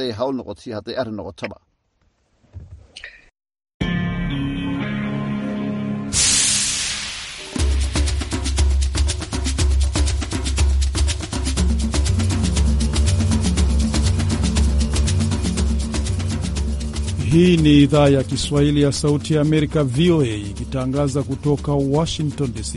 haday hawl noqoto iyo hadday arrin noqotoba Hii ni idhaa ya Kiswahili ya Sauti ya Amerika, VOA, ikitangaza kutoka Washington DC.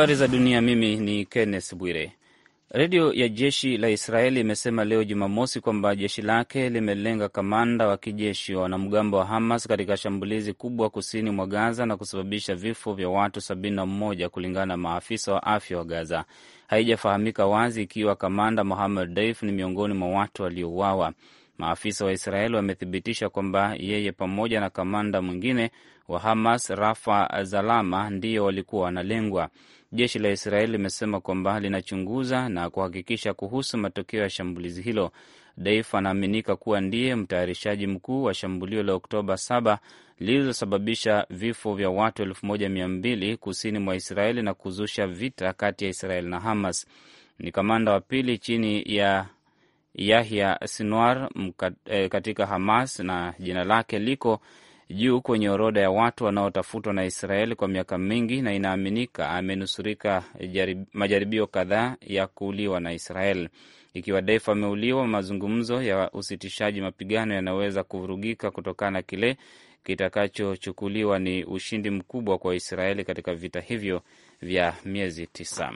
habari za dunia. Mimi ni Kenneth Bwire. Redio ya jeshi la Israeli imesema leo Jumamosi kwamba jeshi lake limelenga kamanda wa kijeshi wa wanamgambo wa Hamas katika shambulizi kubwa kusini mwa Gaza na kusababisha vifo vya watu 71 kulingana na maafisa wa afya wa Gaza. Haijafahamika wazi ikiwa kamanda mohamed Daif ni miongoni mwa watu waliouawa. Maafisa wa Israeli wamethibitisha kwamba yeye pamoja na kamanda mwingine wa Hamas Rafa zalama ndiyo walikuwa wanalengwa. Jeshi la Israeli limesema kwamba linachunguza na kuhakikisha kuhusu matokeo ya shambulizi hilo. Daif anaaminika kuwa ndiye mtayarishaji mkuu wa shambulio la Oktoba 7 lililosababisha vifo vya watu 1200 kusini mwa Israeli na kuzusha vita kati ya Israeli na Hamas. Ni kamanda wa pili chini ya Yahya Sinwar eh, katika Hamas na jina lake liko juu kwenye orodha ya watu wanaotafutwa na Israeli kwa miaka mingi, na inaaminika amenusurika majaribio kadhaa ya kuuliwa na Israeli. Ikiwa Deif ameuliwa, mazungumzo ya usitishaji mapigano yanaweza kuvurugika kutokana na kile kitakachochukuliwa ni ushindi mkubwa kwa Israeli katika vita hivyo vya miezi tisa.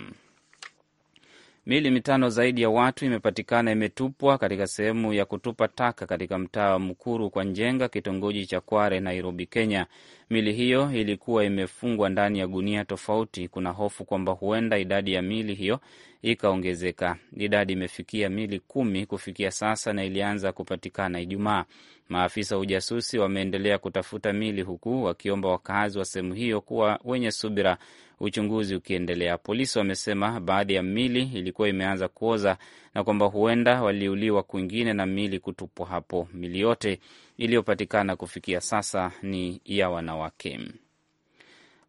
Miili mitano zaidi ya watu imepatikana imetupwa katika sehemu ya kutupa taka katika mtaa wa Mukuru kwa Njenga, kitongoji cha Kware, Nairobi, Kenya. Miili hiyo ilikuwa imefungwa ndani ya gunia tofauti. Kuna hofu kwamba huenda idadi ya miili hiyo ikaongezeka. Idadi imefikia miili kumi kufikia sasa na ilianza kupatikana Ijumaa. Maafisa wa ujasusi wameendelea kutafuta mili huku wakiomba wakazi wa sehemu hiyo kuwa wenye subira, uchunguzi ukiendelea. Polisi wamesema baadhi ya mili ilikuwa imeanza kuoza na kwamba huenda waliuliwa kwingine na mili kutupwa hapo. Mili yote iliyopatikana kufikia sasa ni ya wanawake.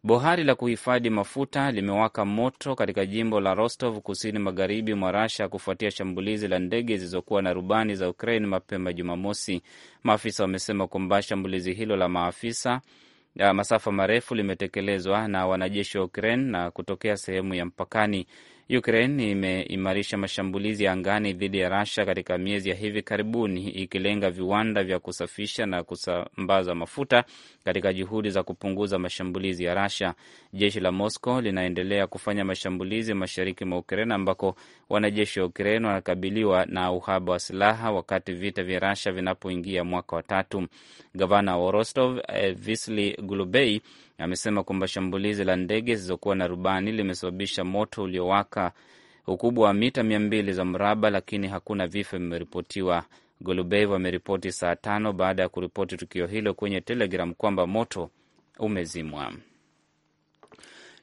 Bohari la kuhifadhi mafuta limewaka moto katika jimbo la Rostov kusini magharibi mwa Rasha kufuatia shambulizi la ndege zilizokuwa na rubani za Ukraine mapema Jumamosi. Maafisa wamesema kwamba shambulizi hilo la maafisa ya masafa marefu limetekelezwa na wanajeshi wa Ukraine na kutokea sehemu ya mpakani. Ukraine imeimarisha mashambulizi ya angani dhidi ya Russia katika miezi ya hivi karibuni, ikilenga viwanda vya kusafisha na kusambaza mafuta katika juhudi za kupunguza mashambulizi ya Russia. Jeshi la Moscow linaendelea kufanya mashambulizi mashariki mwa Ukraine ambako wanajeshi wa Ukraine wanakabiliwa na uhaba wa silaha wakati vita vya Rasha vinapoingia mwaka wa tatu. Gavana wa Rostov eh, Visli Gulubei amesema kwamba shambulizi la ndege zilizokuwa na rubani limesababisha moto uliowaka ukubwa wa mita mia mbili za mraba, lakini hakuna vifo vimeripotiwa. Golubev ameripoti saa tano baada ya kuripoti tukio hilo kwenye Telegram kwamba moto umezimwa.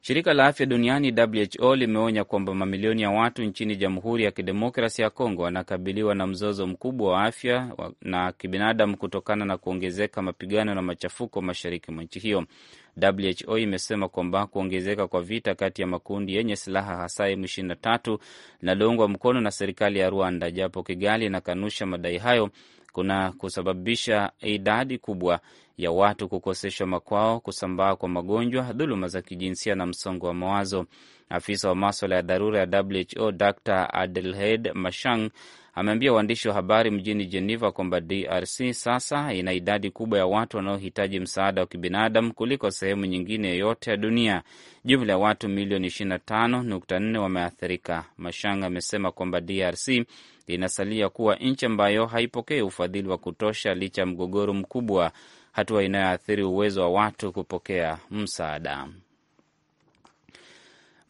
Shirika la afya duniani WHO limeonya kwamba mamilioni ya watu nchini Jamhuri ya Kidemokrasi ya Kongo wanakabiliwa na mzozo mkubwa wa afya na kibinadamu kutokana na kuongezeka mapigano na machafuko mashariki mwa nchi hiyo. WHO imesema kwamba kuongezeka kwa vita kati ya makundi yenye silaha hasa M23 linaloungwa mkono na serikali ya Rwanda, japo Kigali inakanusha madai hayo, kuna kusababisha idadi kubwa ya watu kukoseshwa makwao, kusambaa kwa magonjwa, dhuluma za kijinsia na msongo wa mawazo. Afisa wa maswala ya dharura ya WHO Dr Adelheid Mashang ameambia waandishi wa habari mjini Geneva kwamba DRC sasa ina idadi kubwa ya watu wanaohitaji msaada wa kibinadamu kuliko sehemu nyingine yoyote ya dunia. Jumla ya watu milioni 25.4 wameathirika. Mashang amesema kwamba DRC inasalia kuwa nchi ambayo haipokei ufadhili wa kutosha licha ya mgogoro mkubwa hatua inayoathiri uwezo wa watu kupokea msaada.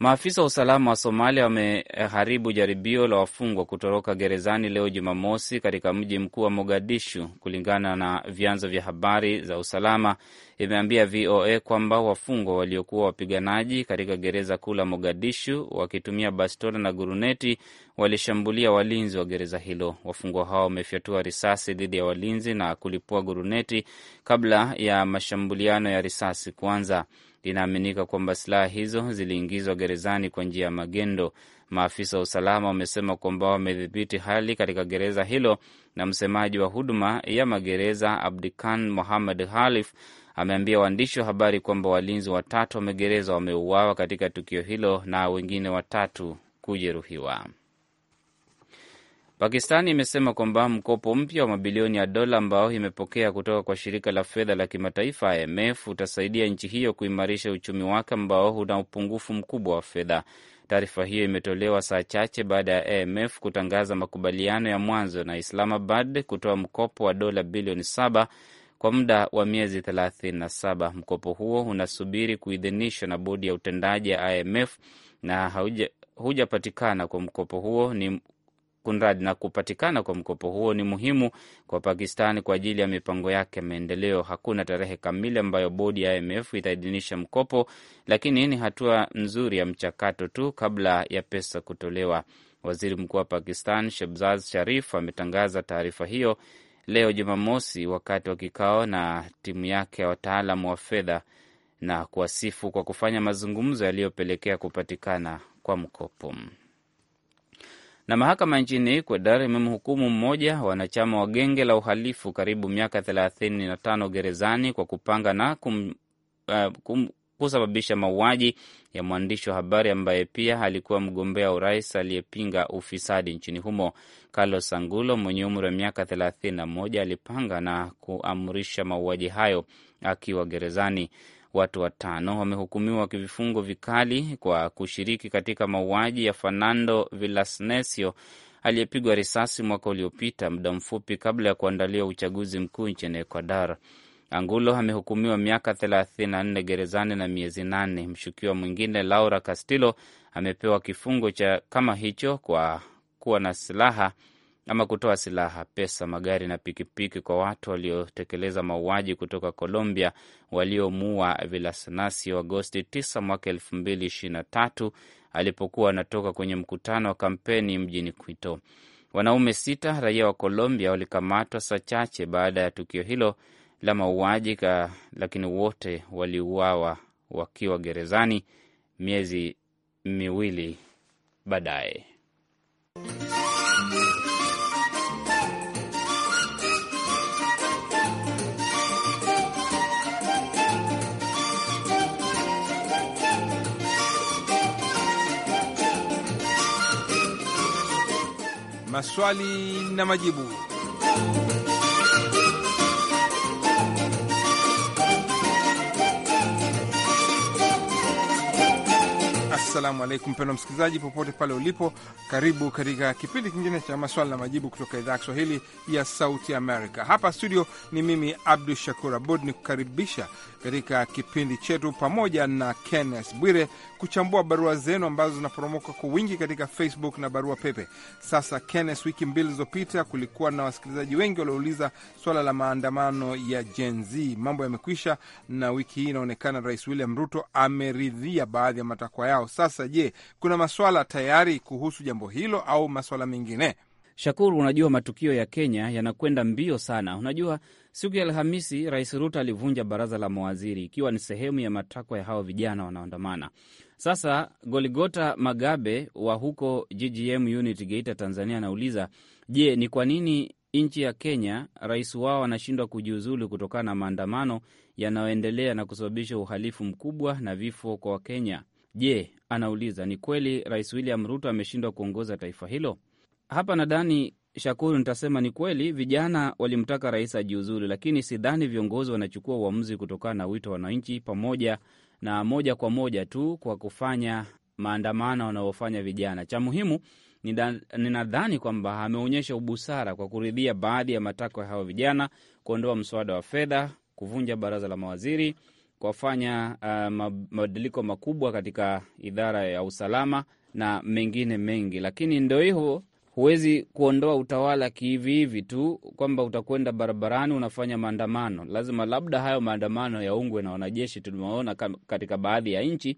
Maafisa wa usalama wa Somalia wameharibu jaribio la wafungwa kutoroka gerezani leo Jumamosi katika mji mkuu wa Mogadishu. Kulingana na vyanzo vya habari za usalama, imeambia VOA kwamba wafungwa waliokuwa wapiganaji katika gereza kuu la Mogadishu wakitumia bastola na guruneti walishambulia walinzi wa gereza hilo. Wafungwa hao wamefyatua risasi dhidi ya walinzi na kulipua guruneti kabla ya mashambuliano ya risasi kuanza. Linaaminika kwamba silaha hizo ziliingizwa gerezani kwa njia ya magendo. Maafisa wa usalama wamesema kwamba wamedhibiti hali katika gereza hilo, na msemaji wa huduma ya magereza Abdikan muhamad Halif ameambia waandishi wa habari kwamba walinzi watatu wa magereza wameuawa katika tukio hilo na wengine watatu kujeruhiwa. Pakistani imesema kwamba mkopo mpya wa mabilioni ya dola ambao imepokea kutoka kwa shirika la fedha la kimataifa IMF utasaidia nchi hiyo kuimarisha uchumi wake ambao una upungufu mkubwa wa fedha. Taarifa hiyo imetolewa saa chache baada ya IMF kutangaza makubaliano ya mwanzo na Islamabad kutoa mkopo wa dola bilioni saba kwa muda wa miezi 37. Mkopo huo unasubiri kuidhinishwa na bodi ya utendaji ya IMF na hujapatikana kwa mkopo huo ni kunradi na kupatikana kwa mkopo huo ni muhimu kwa pakistan kwa ajili ya mipango yake ya maendeleo. Hakuna tarehe kamili ambayo bodi ya IMF itaidhinisha mkopo, lakini ni hatua nzuri ya mchakato tu kabla ya pesa kutolewa. Waziri Mkuu wa Pakistan Shehbaz Sharif ametangaza taarifa hiyo leo Jumamosi wakati wa kikao na timu yake ya wataalamu wa fedha na kuwasifu kwa kufanya mazungumzo yaliyopelekea kupatikana kwa mkopo. Na mahakama nchini Ecuador imemhukumu mmoja wanachama wa genge la uhalifu karibu miaka 35 gerezani kwa kupanga na kum, uh, kum, kusababisha mauaji ya mwandishi wa habari ambaye pia alikuwa mgombea urais aliyepinga ufisadi nchini humo. Carlos Angulo mwenye umri wa miaka 31 alipanga na kuamrisha mauaji hayo akiwa gerezani. Watu watano wamehukumiwa kivifungo vikali kwa kushiriki katika mauaji ya Fernando vilasnesio aliyepigwa risasi mwaka uliopita, muda mfupi kabla ya kuandaliwa uchaguzi mkuu nchini Ecuador. Angulo amehukumiwa miaka 34 gerezani na miezi nane. Mshukiwa mwingine Laura Castillo amepewa kifungo cha kama hicho kwa kuwa na silaha ama kutoa silaha, pesa, magari na pikipiki kwa watu waliotekeleza mauaji kutoka Colombia waliomuua Vilasnasi Agosti 9 mwaka 2023 alipokuwa anatoka kwenye mkutano wa kampeni mjini Quito. Wanaume sita raia wa Colombia walikamatwa saa chache baada ya tukio hilo la mauaji, lakini wote waliuawa wakiwa gerezani miezi miwili baadaye. maswali na majibu. Assalamu alaikum, mpendwa msikilizaji, popote pale ulipo, karibu katika kipindi kingine cha maswala na majibu kutoka idhaa ya Kiswahili ya Sauti Amerika. Hapa studio ni mimi Abdu Shakur Abud ni kukaribisha katika kipindi chetu pamoja na Kenneth Bwire kuchambua barua zenu ambazo zinaporomoka kwa wingi katika Facebook na barua pepe. Sasa Kenneth, wiki mbili zilizopita kulikuwa na wasikilizaji wengi waliouliza swala la maandamano ya Gen Z. Mambo yamekwisha, na wiki hii inaonekana Rais William Ruto ameridhia baadhi ya matakwa yao sasa. Je, kuna maswala tayari kuhusu jambo hilo au maswala mengine? Shakuru, unajua matukio ya Kenya yanakwenda mbio sana. Unajua, siku ya Alhamisi Rais Ruto alivunja baraza la mawaziri ikiwa ni sehemu ya matakwa ya hawa vijana wanaoandamana. Sasa Goligota Magabe wa huko GGM unit Geita, Tanzania, anauliza je, ni kwa nini nchi ya Kenya rais wao anashindwa kujiuzulu kutokana na maandamano yanayoendelea na kusababisha uhalifu mkubwa na vifo kwa Wakenya? Je, anauliza ni kweli Rais William Ruto ameshindwa kuongoza taifa hilo? Hapa nadhani Shakuru, nitasema ni kweli, vijana walimtaka rais ajiuzulu, lakini sidhani viongozi wanachukua uamuzi kutokana na wito wa wananchi, pamoja na moja kwa moja tu kwa kufanya maandamano wanaofanya vijana. Cha muhimu ninadhani kwamba ameonyesha ubusara kwa kuridhia baadhi ya matakwa ya hao vijana, kuondoa mswada wa fedha, kuvunja baraza la mawaziri kuwafanya uh, mabadiliko makubwa katika idara ya usalama na mengine mengi, lakini ndo hiyo huwezi kuondoa utawala kihivihivi tu kwamba utakwenda barabarani unafanya maandamano. Lazima labda hayo maandamano yaungwe na wanajeshi, tulimeona katika baadhi ya nchi,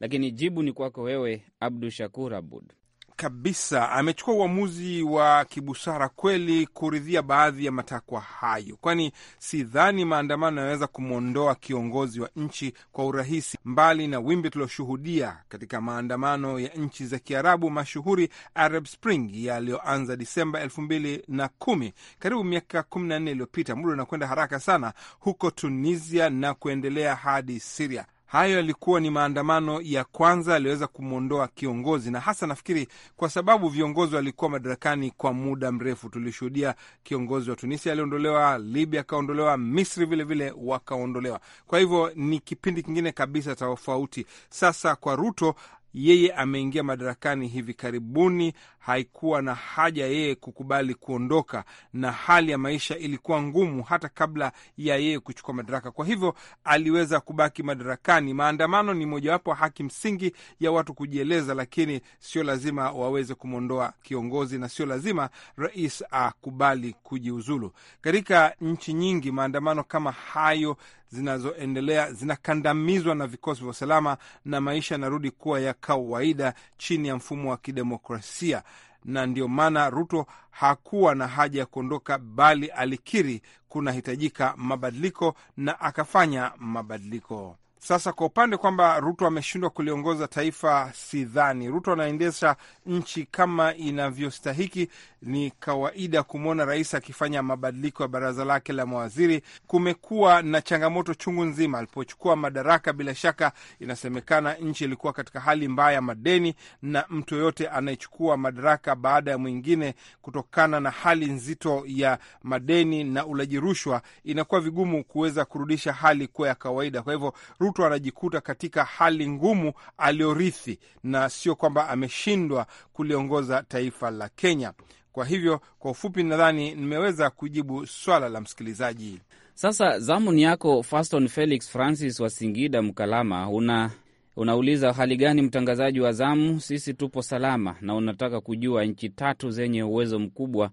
lakini jibu ni kwako wewe, Abdu Shakur Abud kabisa amechukua uamuzi wa kibusara kweli kuridhia baadhi ya matakwa hayo, kwani si dhani maandamano yanaweza kumwondoa kiongozi wa nchi kwa urahisi, mbali na wimbi tulioshuhudia katika maandamano ya nchi za Kiarabu mashuhuri Arab Spring yaliyoanza Disemba elfu mbili na kumi, karibu miaka kumi na nne iliyopita. Muda unakwenda haraka sana huko Tunisia na kuendelea hadi Siria. Hayo yalikuwa ni maandamano ya kwanza yaliyoweza kumwondoa kiongozi, na hasa nafikiri kwa sababu viongozi walikuwa madarakani kwa muda mrefu. Tulishuhudia kiongozi wa Tunisia aliondolewa, Libya akaondolewa, Misri vilevile wakaondolewa. Kwa hivyo ni kipindi kingine kabisa tofauti. Sasa kwa Ruto yeye ameingia madarakani hivi karibuni, haikuwa na haja yeye kukubali kuondoka, na hali ya maisha ilikuwa ngumu hata kabla ya yeye kuchukua madaraka. Kwa hivyo aliweza kubaki madarakani. Maandamano ni mojawapo haki msingi ya watu kujieleza, lakini sio lazima waweze kumwondoa kiongozi na sio lazima rais akubali kujiuzulu. Katika nchi nyingi maandamano kama hayo zinazoendelea zinakandamizwa na vikosi vya usalama na maisha yanarudi kuwa ya kawaida chini ya mfumo wa kidemokrasia na ndiyo maana Ruto hakuwa na haja ya kuondoka, bali alikiri kunahitajika mabadiliko na akafanya mabadiliko. Sasa kwa upande kwamba Ruto ameshindwa kuliongoza taifa, sidhani. Ruto anaendesha nchi kama inavyostahiki. Ni kawaida kumwona rais akifanya mabadiliko ya baraza lake la mawaziri. Kumekuwa na changamoto chungu nzima. Alipochukua madaraka, bila shaka, inasemekana nchi ilikuwa katika hali mbaya ya madeni, na mtu yoyote anayechukua madaraka baada ya mwingine, kutokana na hali nzito ya madeni na ulaji rushwa, inakuwa vigumu kuweza kurudisha hali kuwa ya kawaida. Kwa hivyo Ruto anajikuta katika hali ngumu aliyorithi, na sio kwamba ameshindwa kuliongoza taifa la Kenya. Kwa hivyo, kwa ufupi, nadhani nimeweza kujibu swala la msikilizaji. Sasa zamu ni yako, Faston Felix Francis wa Singida Mkalama. Una unauliza hali gani, mtangazaji wa zamu? Sisi tupo salama, na unataka kujua nchi tatu zenye uwezo mkubwa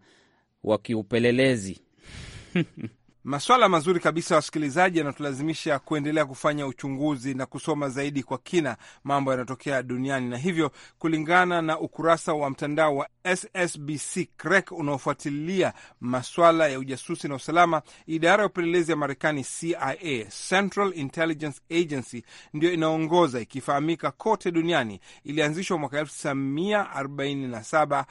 wa kiupelelezi Maswala mazuri kabisa, wasikilizaji, yanatulazimisha kuendelea kufanya uchunguzi na kusoma zaidi kwa kina mambo yanayotokea duniani, na hivyo kulingana na ukurasa wa mtandao wa SSBC Crack unaofuatilia maswala ya ujasusi na usalama, idara ya upelelezi ya Marekani CIA, Central Intelligence Agency, ndio inaongoza ikifahamika kote duniani. Ilianzishwa mwaka 1947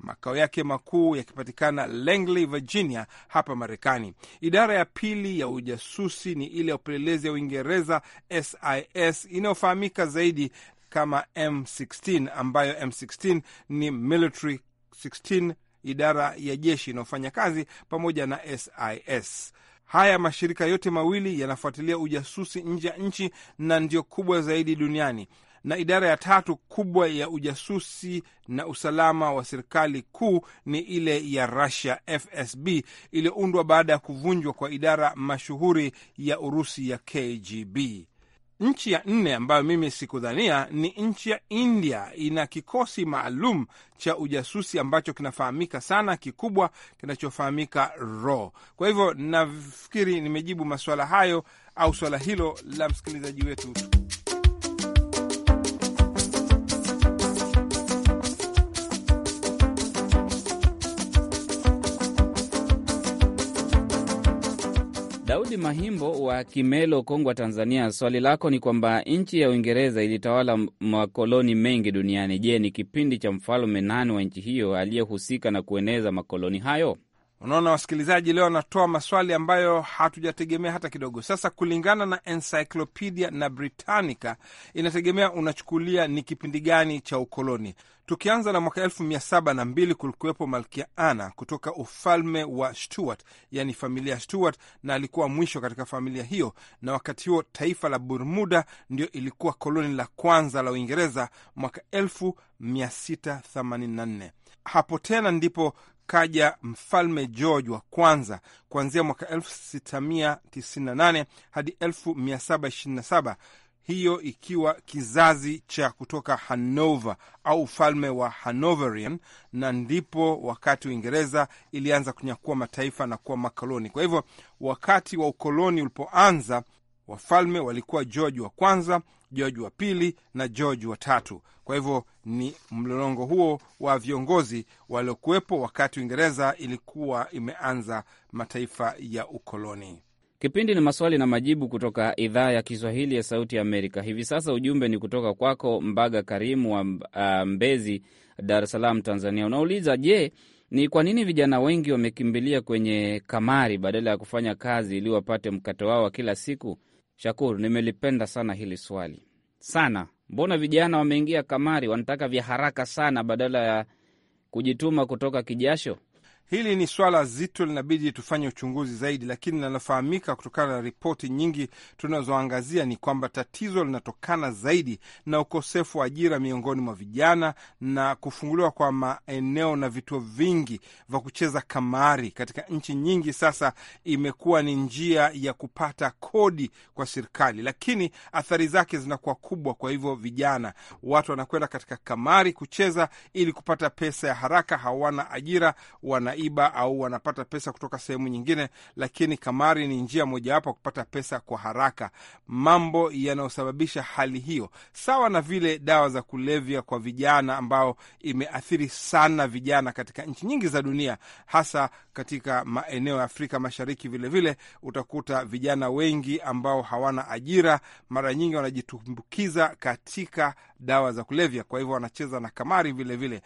makao yake makuu yakipatikana Langley, Virginia, hapa Marekani. Idara ya pili ya ujasusi ni ile ya upelelezi ya Uingereza, SIS, inayofahamika zaidi kama M16, ambayo M16 ni military 16, idara ya jeshi inayofanya kazi pamoja na SIS. Haya mashirika yote mawili yanafuatilia ujasusi nje ya nchi na ndio kubwa zaidi duniani na idara ya tatu kubwa ya ujasusi na usalama wa serikali kuu ni ile ya Russia FSB, iliyoundwa baada ya kuvunjwa kwa idara mashuhuri ya Urusi ya KGB. Nchi ya nne ambayo mimi sikudhania ni nchi ya India. Ina kikosi maalum cha ujasusi ambacho kinafahamika sana, kikubwa kinachofahamika r Kwa hivyo nafikiri nimejibu masuala hayo au swala hilo la msikilizaji wetu. Daudi Mahimbo wa Kimelo, Kongwa, Tanzania, swali lako ni kwamba nchi ya Uingereza ilitawala makoloni mengi duniani. Je, ni kipindi cha mfalme nani wa nchi hiyo aliyehusika na kueneza makoloni hayo? Unaona wasikilizaji, leo anatoa maswali ambayo hatujategemea hata kidogo. Sasa kulingana na Encyclopedia na Britannica, inategemea unachukulia ni kipindi gani cha ukoloni. Tukianza na mwaka elfu mia saba na mbili kulikuwepo malkia Ana kutoka ufalme wa Stuart, yani familia ya Stuart, na alikuwa mwisho katika familia hiyo, na wakati huo taifa la Burmuda ndio ilikuwa koloni la kwanza la Uingereza mwaka elfu mia sita themanini na nne. Hapo tena ndipo kaja mfalme George wa kwanza kuanzia mwaka 1698 hadi 1727, hiyo ikiwa kizazi cha kutoka Hanover au ufalme wa Hanoverian, na ndipo wakati Uingereza ilianza kunyakua mataifa na kuwa makoloni. Kwa hivyo wakati wa ukoloni ulipoanza, wafalme walikuwa George wa kwanza George wa pili na George wa tatu. Kwa hivyo ni mlolongo huo wa viongozi waliokuwepo wakati Uingereza ilikuwa imeanza mataifa ya ukoloni. Kipindi ni maswali na majibu kutoka idhaa ya Kiswahili ya Sauti ya Amerika. Hivi sasa ujumbe ni kutoka kwako Mbaga Karimu wa uh, Mbezi, Dar es Salaam, Tanzania. Unauliza, je, ni kwa nini vijana wengi wamekimbilia kwenye kamari badala ya kufanya kazi ili wapate mkate wao wa kila siku? Shakuru, nimelipenda sana hili swali sana. Mbona vijana wameingia kamari, wanataka vya haraka sana badala ya kujituma kutoka kijasho? Hili ni swala zito, linabidi tufanye uchunguzi zaidi, lakini linalofahamika kutokana na ripoti nyingi tunazoangazia ni kwamba tatizo linatokana zaidi na ukosefu wa ajira miongoni mwa vijana na kufunguliwa kwa maeneo na vituo vingi vya kucheza kamari katika nchi nyingi. Sasa imekuwa ni njia ya kupata kodi kwa serikali, lakini athari zake zinakuwa kubwa. Kwa hivyo vijana, watu wanakwenda katika kamari kucheza ili kupata pesa ya haraka, hawana ajira, wana wanaiba au wanapata pesa kutoka sehemu nyingine, lakini kamari ni njia mojawapo ya kupata pesa kwa haraka, mambo yanayosababisha hali hiyo, sawa na vile dawa za kulevya kwa vijana, ambao imeathiri sana vijana katika nchi nyingi za dunia, hasa katika maeneo ya Afrika Mashariki. Vilevile vile, utakuta vijana wengi ambao hawana ajira, mara nyingi wanajitumbukiza katika dawa za kulevya, kwa hivyo wanacheza na kamari vilevile vile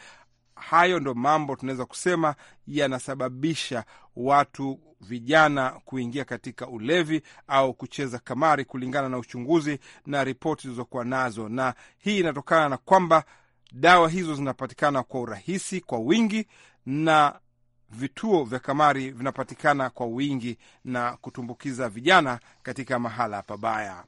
hayo ndo mambo tunaweza kusema yanasababisha watu vijana kuingia katika ulevi au kucheza kamari, kulingana na uchunguzi na ripoti zilizokuwa nazo. Na hii inatokana na kwamba dawa hizo zinapatikana kwa urahisi, kwa wingi, na vituo vya kamari vinapatikana kwa wingi na kutumbukiza vijana katika mahala pabaya.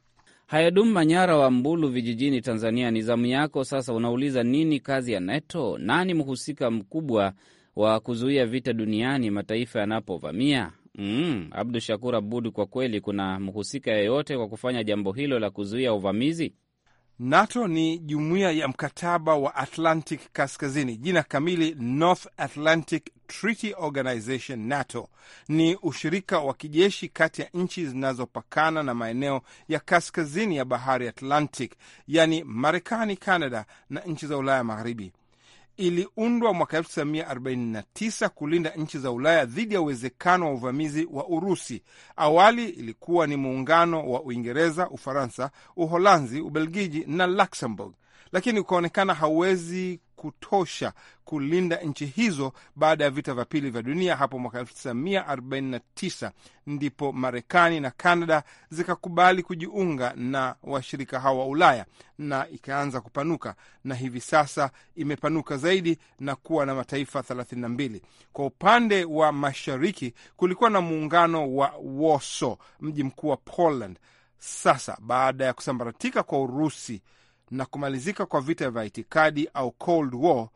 Hayadum Manyara wa Mbulu vijijini Tanzania, ni zamu yako sasa. Unauliza nini kazi ya NATO? Nani mhusika mkubwa wa kuzuia vita duniani mataifa yanapovamia? Mm, Abdu Shakur Abud, kwa kweli kuna mhusika yeyote kwa kufanya jambo hilo la kuzuia uvamizi? NATO ni jumuiya ya mkataba wa Atlantic Kaskazini. Jina kamili North Atlantic Treaty Organization, NATO ni ushirika wa kijeshi kati ya nchi zinazopakana na maeneo ya kaskazini ya bahari Atlantic, yaani Marekani, Canada na nchi za Ulaya Magharibi iliundwa mwaka 1949 kulinda nchi za Ulaya dhidi ya uwezekano wa uvamizi wa Urusi. Awali ilikuwa ni muungano wa Uingereza, Ufaransa, Uholanzi, Ubelgiji na Luxembourg, lakini ukaonekana hauwezi kutosha kulinda nchi hizo baada ya vita vya pili vya dunia hapo mwaka 1949 ndipo Marekani na Kanada zikakubali kujiunga na washirika hao wa Ulaya na ikaanza kupanuka, na hivi sasa imepanuka zaidi na kuwa na mataifa 32. Kwa upande wa mashariki kulikuwa na muungano wa Warsaw, mji mkuu wa Poland. Sasa baada ya kusambaratika kwa Urusi na kumalizika kwa vita vya itikadi au Cold War,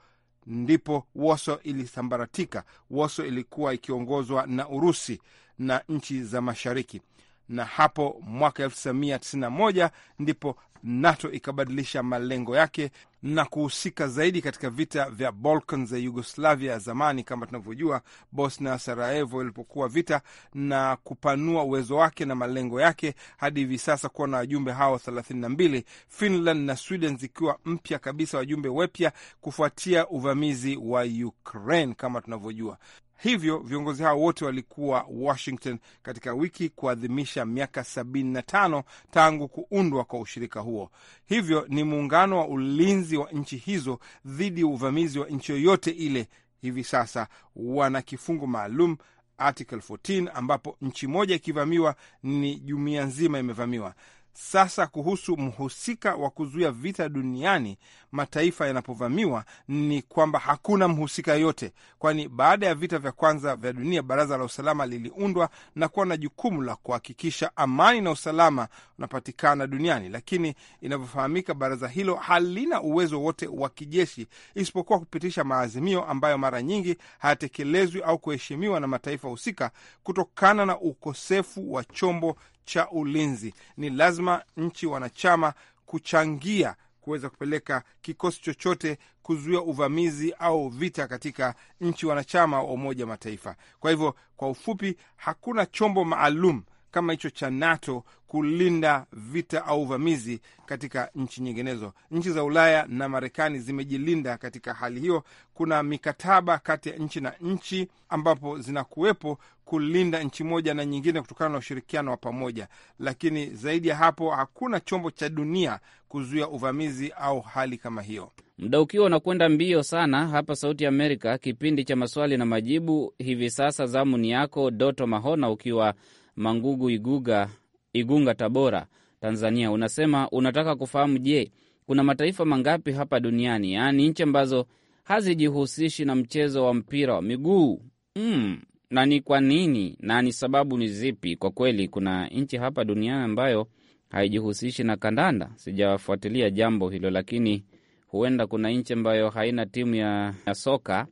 ndipo woso ilisambaratika. woso ilikuwa ikiongozwa na Urusi na nchi za Mashariki, na hapo mwaka 1991 ndipo NATO ikabadilisha malengo yake na kuhusika zaidi katika vita vya Balkan za Yugoslavia ya zamani, kama tunavyojua Bosnia Sarajevo ilipokuwa vita, na kupanua uwezo wake na malengo yake hadi hivi sasa kuwa na wajumbe hao thelathini na mbili, Finland na Sweden zikiwa mpya kabisa wajumbe wepya kufuatia uvamizi wa Ukraine kama tunavyojua. Hivyo viongozi hao wote walikuwa Washington katika wiki kuadhimisha miaka 75 tangu kuundwa kwa ushirika huo. Hivyo ni muungano wa ulinzi wa nchi hizo dhidi ya uvamizi wa nchi yoyote ile. Hivi sasa wana kifungu maalum Article 14 ambapo nchi moja ikivamiwa ni jumuiya nzima imevamiwa. Sasa kuhusu mhusika wa kuzuia vita duniani mataifa yanapovamiwa, ni kwamba hakuna mhusika yoyote, kwani baada ya vita vya kwanza vya dunia baraza la usalama liliundwa na kuwa na jukumu la kuhakikisha amani na usalama unapatikana duniani. Lakini inavyofahamika, baraza hilo halina uwezo wote wa kijeshi isipokuwa kupitisha maazimio ambayo mara nyingi hayatekelezwi au kuheshimiwa na mataifa husika kutokana na ukosefu wa chombo cha ulinzi. Ni lazima nchi wanachama kuchangia kuweza kupeleka kikosi chochote kuzuia uvamizi au vita katika nchi wanachama wa Umoja wa Mataifa. Kwa hivyo, kwa ufupi, hakuna chombo maalum kama hicho cha NATO kulinda vita au uvamizi katika nchi nyinginezo. Nchi za Ulaya na Marekani zimejilinda katika hali hiyo. Kuna mikataba kati ya nchi na nchi ambapo zinakuwepo kulinda nchi moja na nyingine kutokana na ushirikiano wa pamoja, lakini zaidi ya hapo hakuna chombo cha dunia kuzuia uvamizi au hali kama hiyo. Muda ukiwa unakwenda mbio sana hapa Sauti ya Amerika, kipindi cha maswali na majibu. Hivi sasa zamu ni yako Doto Mahona ukiwa Mangugu Iguga, Igunga, Tabora, Tanzania. Unasema unataka kufahamu, je, kuna mataifa mangapi hapa duniani, yaani nchi ambazo hazijihusishi na mchezo wa mpira wa miguu mm, na ni kwa nini na ni sababu ni zipi? Kwa kweli kuna nchi hapa duniani ambayo haijihusishi na kandanda. Sijafuatilia jambo hilo, lakini huenda kuna nchi ambayo haina timu ya, ya soka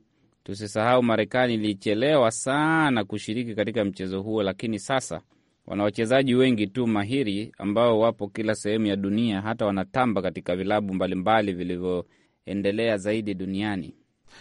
Tusisahau Marekani ilichelewa sana kushiriki katika mchezo huo, lakini sasa wana wachezaji wengi tu mahiri ambao wapo kila sehemu ya dunia, hata wanatamba katika vilabu mbalimbali vilivyoendelea zaidi duniani.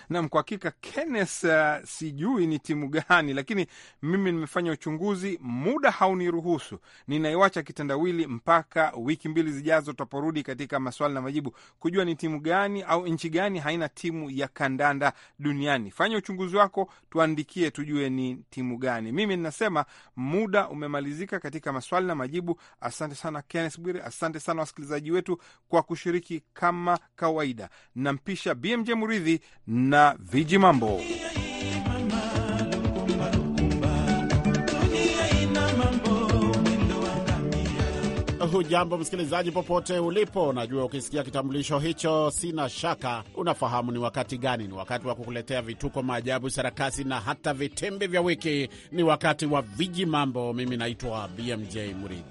Nam, kwa hakika Kennes, uh, sijui ni timu gani, lakini mimi nimefanya uchunguzi, muda hauniruhusu, ninaiwacha kitandawili mpaka wiki mbili zijazo, tutaporudi katika maswali na majibu kujua ni timu gani au nchi gani haina timu ya kandanda duniani. Fanya uchunguzi wako, tuandikie, tujue ni timu gani. Mimi ninasema muda umemalizika katika maswali na majibu. Asante sana Kennes Bwire, asante sana wasikilizaji wetu kwa kushiriki kama kawaida. Nampisha BMJ Muridhi na Viji Mambo. Hujambo msikilizaji, popote ulipo. Najua ukisikia kitambulisho hicho, sina shaka unafahamu ni wakati gani. Ni wakati wa kukuletea vituko, maajabu, sarakasi na hata vitimbi vya wiki. Ni wakati wa viji mambo. Mimi naitwa BMJ Muridhi.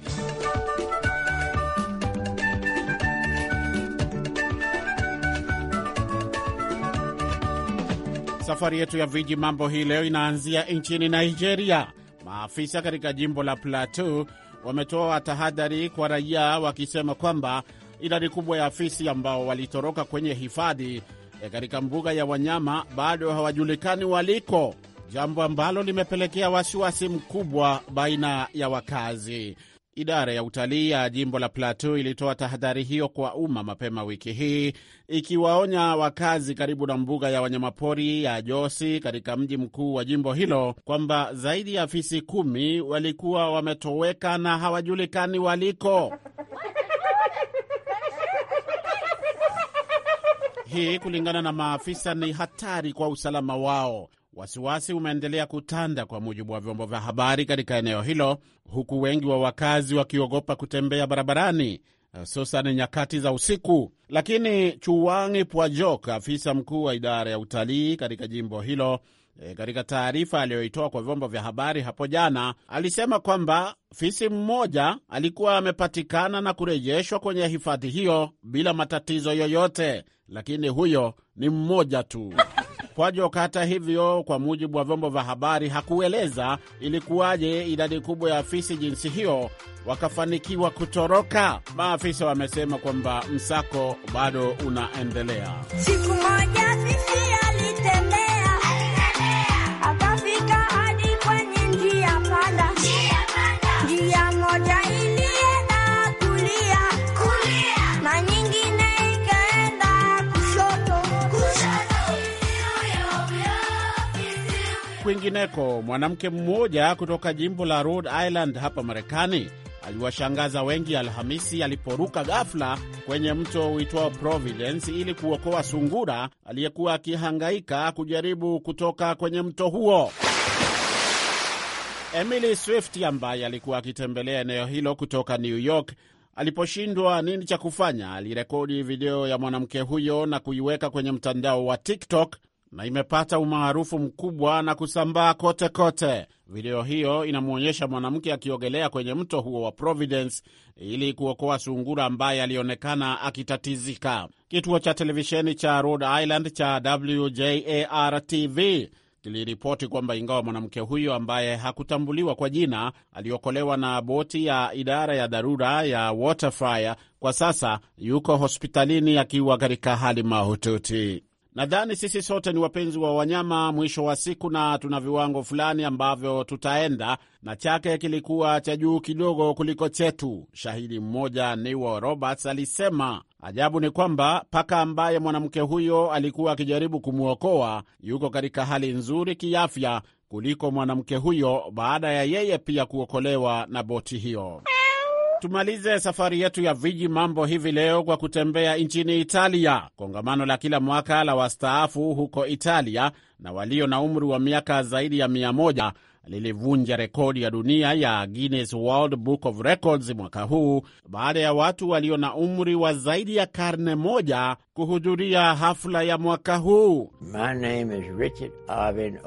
Safari yetu ya viji mambo hii leo inaanzia nchini Nigeria. Maafisa katika jimbo la Plateau wametoa tahadhari kwa raia wakisema kwamba idadi kubwa ya fisi ambao walitoroka kwenye hifadhi e katika mbuga ya wanyama bado hawajulikani waliko, jambo ambalo limepelekea wasiwasi mkubwa baina ya wakazi. Idara ya utalii ya jimbo la Plateau ilitoa tahadhari hiyo kwa umma mapema wiki hii, ikiwaonya wakazi karibu na mbuga ya wanyamapori ya Josi katika mji mkuu wa jimbo hilo kwamba zaidi ya fisi kumi walikuwa wametoweka na hawajulikani waliko. Hii kulingana na maafisa ni hatari kwa usalama wao. Wasiwasi umeendelea kutanda kwa mujibu wa vyombo vya habari katika eneo hilo, huku wengi wa wakazi wakiogopa kutembea barabarani hususan nyakati za usiku. Lakini Chuwangi Pwajok, afisa mkuu wa idara ya utalii katika jimbo hilo, e, katika taarifa aliyoitoa kwa vyombo vya habari hapo jana, alisema kwamba fisi mmoja alikuwa amepatikana na kurejeshwa kwenye hifadhi hiyo bila matatizo yoyote, lakini huyo ni mmoja tu. Kwajoka hata hivyo, kwa mujibu wa vyombo vya habari, hakueleza ilikuwaje idadi kubwa ya afisi jinsi hiyo wakafanikiwa kutoroka. Maafisa wamesema kwamba msako bado unaendelea siku moja kwingineko, mwanamke mmoja kutoka jimbo la Rhode Island hapa Marekani aliwashangaza wengi Alhamisi aliporuka ghafla kwenye mto uitwao Providence ili kuokoa sungura aliyekuwa akihangaika kujaribu kutoka kwenye mto huo. Emily Swift ambaye alikuwa akitembelea eneo hilo kutoka New York aliposhindwa nini cha kufanya, alirekodi video ya mwanamke huyo na kuiweka kwenye mtandao wa TikTok na imepata umaarufu mkubwa na kusambaa kote kote. Video hiyo inamwonyesha mwanamke akiogelea kwenye mto huo wa Providence ili kuokoa sungura ambaye alionekana akitatizika. Kituo cha televisheni cha Rhode Island cha WJAR-TV kiliripoti kwamba ingawa mwanamke huyo ambaye hakutambuliwa kwa jina aliokolewa na boti ya idara ya dharura ya Waterfire, kwa sasa yuko hospitalini akiwa katika hali mahututi. Nadhani sisi sote ni wapenzi wa wanyama mwisho wa siku, na tuna viwango fulani ambavyo tutaenda na chake kilikuwa cha juu kidogo kuliko chetu. Shahidi mmoja Niwo Roberts alisema ajabu ni kwamba paka ambaye mwanamke huyo alikuwa akijaribu kumwokoa yuko katika hali nzuri kiafya kuliko mwanamke huyo baada ya yeye pia kuokolewa na boti hiyo. Tumalize safari yetu ya viji mambo hivi leo kwa kutembea nchini Italia. Kongamano la kila mwaka la wastaafu huko Italia na walio na umri wa miaka zaidi ya mia moja lilivunja rekodi ya dunia ya Guinness World Book of Records mwaka huu baada ya watu walio na umri wa zaidi ya karne moja kuhudhuria hafla ya mwaka huu. My name is Richard Arvin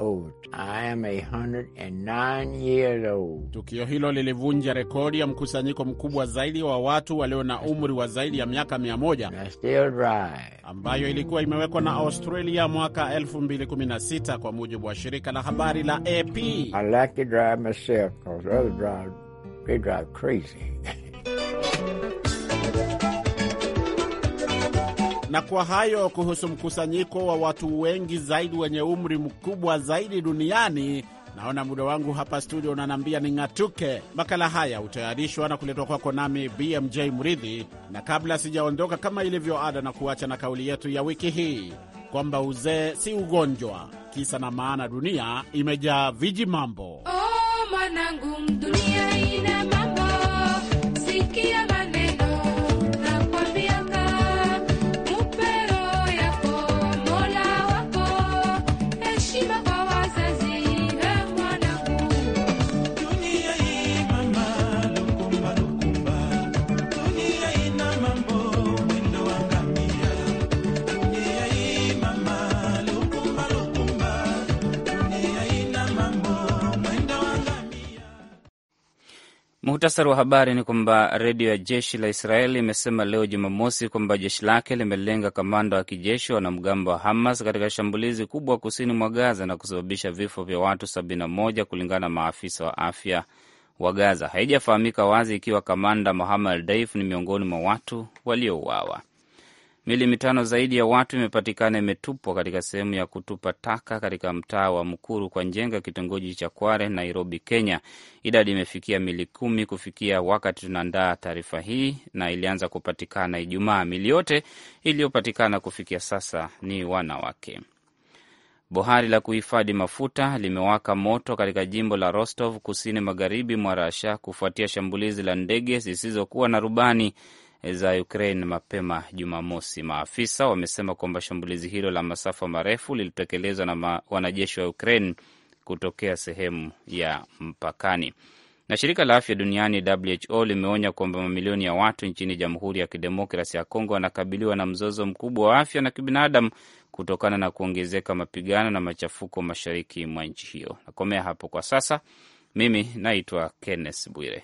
I am 109 years old. Tukio hilo lilivunja rekodi ya mkusanyiko mkubwa zaidi wa watu walio na umri wa zaidi ya miaka 1 still ambayo ilikuwa imewekwa na Australia mwaka 2016 kwa mujibu wa shirika la habari la AP like to drive myself because the other drive, they drive crazy. Na kwa hayo kuhusu mkusanyiko wa watu wengi zaidi wenye umri mkubwa zaidi duniani. Naona muda wangu hapa studio ni ning'atuke. Makala haya hutayarishwa na kuletwa kwako nami BMJ Mridhi, na kabla sijaondoka, kama ilivyo ada, na kuacha na kauli yetu ya wiki hii kwamba uzee si ugonjwa. Kisa na maana, dunia imejaa viji mambo. Oh, manangu, dunia Muhtasari wa habari ni kwamba redio ya jeshi la Israeli imesema leo Jumamosi kwamba jeshi lake limelenga kamanda wa kijeshi wanamgambo wa Hamas katika shambulizi kubwa kusini mwa Gaza na kusababisha vifo vya watu 71 kulingana na maafisa wa afya wa Gaza. Haijafahamika wazi ikiwa kamanda Mohammed Daif ni miongoni mwa watu waliouawa mili mitano zaidi ya watu imepatikana imetupwa katika sehemu ya kutupa taka katika mtaa wa mkuru kwa Njenga, kitongoji cha Kware, Nairobi, Kenya. Idadi imefikia mili kumi kufikia wakati tunaandaa taarifa hii, na ilianza kupatikana Ijumaa. mili yote iliyopatikana kufikia sasa ni wanawake. Bohari la kuhifadhi mafuta limewaka moto katika jimbo la Rostov, kusini magharibi mwa Rasha, kufuatia shambulizi la ndege zisizokuwa na rubani za Ukraine mapema Jumamosi. Maafisa wamesema kwamba shambulizi hilo la masafa marefu lilitekelezwa na wanajeshi wa Ukraine kutokea sehemu ya mpakani. Na shirika la afya duniani WHO limeonya kwamba mamilioni ya watu nchini Jamhuri ya Kidemokrasi ya Kongo wanakabiliwa na mzozo mkubwa wa afya na kibinadamu kutokana na kuongezeka mapigano na machafuko mashariki mwa nchi hiyo. Nakomea hapo kwa sasa. Mimi naitwa Kenneth Bwire.